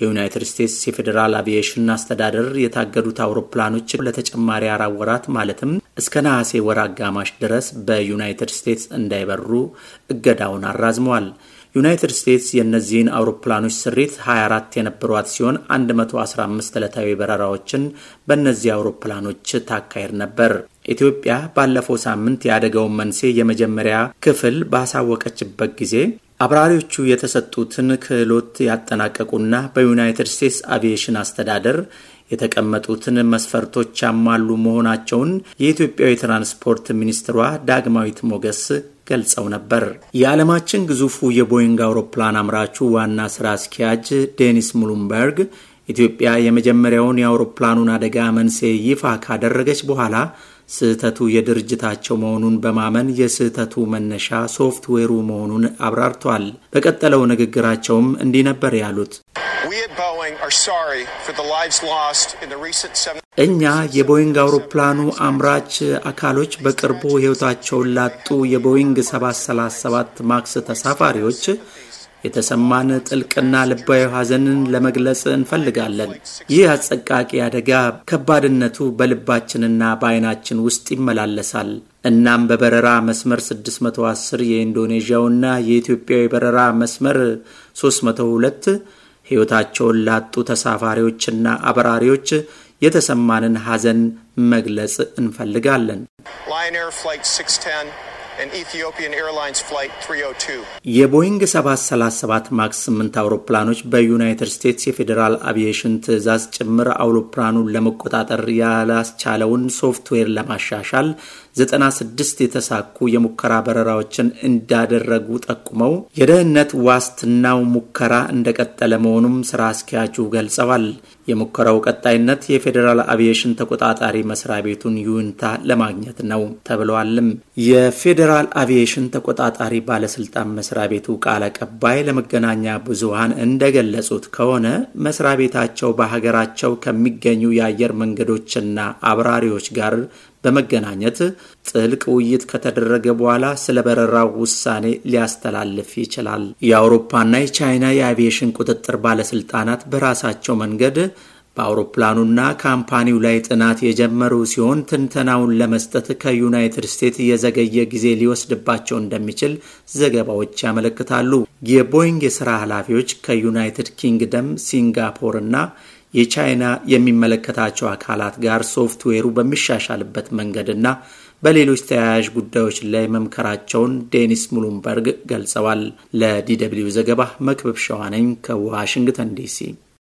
የዩናይትድ ስቴትስ የፌዴራል አቪዬሽን አስተዳደር የታገዱት አውሮፕላኖች ለተጨማሪ አራት ወራት ማለትም እስከ ነሐሴ ወር አጋማሽ ድረስ በዩናይትድ ስቴትስ እንዳይበሩ እገዳውን አራዝመዋል። ዩናይትድ ስቴትስ የእነዚህን አውሮፕላኖች ስሪት 24 የነበሯት ሲሆን 115 ዕለታዊ በረራዎችን በእነዚህ አውሮፕላኖች ታካሄድ ነበር። ኢትዮጵያ ባለፈው ሳምንት የአደጋውን መንስኤ የመጀመሪያ ክፍል ባሳወቀችበት ጊዜ አብራሪዎቹ የተሰጡትን ክህሎት ያጠናቀቁና በዩናይትድ ስቴትስ አቪዬሽን አስተዳደር የተቀመጡትን መስፈርቶች ያሟሉ መሆናቸውን የኢትዮጵያ የትራንስፖርት ሚኒስትሯ ዳግማዊት ሞገስ ገልጸው ነበር። የዓለማችን ግዙፉ የቦይንግ አውሮፕላን አምራቹ ዋና ሥራ አስኪያጅ ዴኒስ ሙሉምበርግ ኢትዮጵያ የመጀመሪያውን የአውሮፕላኑን አደጋ መንስኤ ይፋ ካደረገች በኋላ ስህተቱ የድርጅታቸው መሆኑን በማመን የስህተቱ መነሻ ሶፍትዌሩ መሆኑን አብራርተዋል። በቀጠለው ንግግራቸውም እንዲህ ነበር ያሉት። እኛ የቦይንግ አውሮፕላኑ አምራች አካሎች በቅርቡ ሕይወታቸውን ላጡ የቦይንግ 737 ማክስ ተሳፋሪዎች የተሰማን ጥልቅና ልባዊ ሐዘንን ለመግለጽ እንፈልጋለን። ይህ አጸቃቂ አደጋ ከባድነቱ በልባችንና በዓይናችን ውስጥ ይመላለሳል። እናም በበረራ መስመር 610 የኢንዶኔዥያውና የኢትዮጵያ በረራ መስመር 302 ሕይወታቸውን ላጡ ተሳፋሪዎችና አበራሪዎች የተሰማንን ሐዘን መግለጽ እንፈልጋለን። Oh የቦይንግ 737 ማክስ 8 አውሮፕላኖች በዩናይትድ ስቴትስ የፌዴራል አቪዬሽን ትዕዛዝ ጭምር አውሮፕላኑን ለመቆጣጠር ያላስቻለውን ሶፍትዌር ለማሻሻል 96 የተሳኩ የሙከራ በረራዎችን እንዳደረጉ ጠቁመው የደህንነት ዋስትናው ሙከራ እንደቀጠለ መሆኑም ስራ አስኪያጁ ገልጸዋል። የሙከራው ቀጣይነት የፌዴራል አቪዬሽን ተቆጣጣሪ መስሪያ ቤቱን ይሁንታ ለማግኘት ነው ተብለዋልም። የፌዴራል አቪዬሽን ተቆጣጣሪ ባለስልጣን መስሪያ ቤቱ ቃል አቀባይ ለመገናኛ ብዙሃን እንደገለጹት ከሆነ መስሪያ ቤታቸው በሀገራቸው ከሚገኙ የአየር መንገዶችና አብራሪዎች ጋር በመገናኘት ጥልቅ ውይይት ከተደረገ በኋላ ስለ በረራው ውሳኔ ሊያስተላልፍ ይችላል። የአውሮፓና የቻይና የአቪዬሽን ቁጥጥር ባለስልጣናት በራሳቸው መንገድ በአውሮፕላኑና ካምፓኒው ላይ ጥናት የጀመሩ ሲሆን ትንተናውን ለመስጠት ከዩናይትድ ስቴትስ የዘገየ ጊዜ ሊወስድባቸው እንደሚችል ዘገባዎች ያመለክታሉ። የቦይንግ የሥራ ኃላፊዎች ከዩናይትድ ኪንግደም፣ ሲንጋፖር እና የቻይና የሚመለከታቸው አካላት ጋር ሶፍትዌሩ በሚሻሻልበት መንገድና በሌሎች ተያያዥ ጉዳዮች ላይ መምከራቸውን ዴኒስ ሙሉምበርግ ገልጸዋል። ለዲ ዘገባ መክበብ ሸዋነኝ ከዋሽንግተን ዲሲ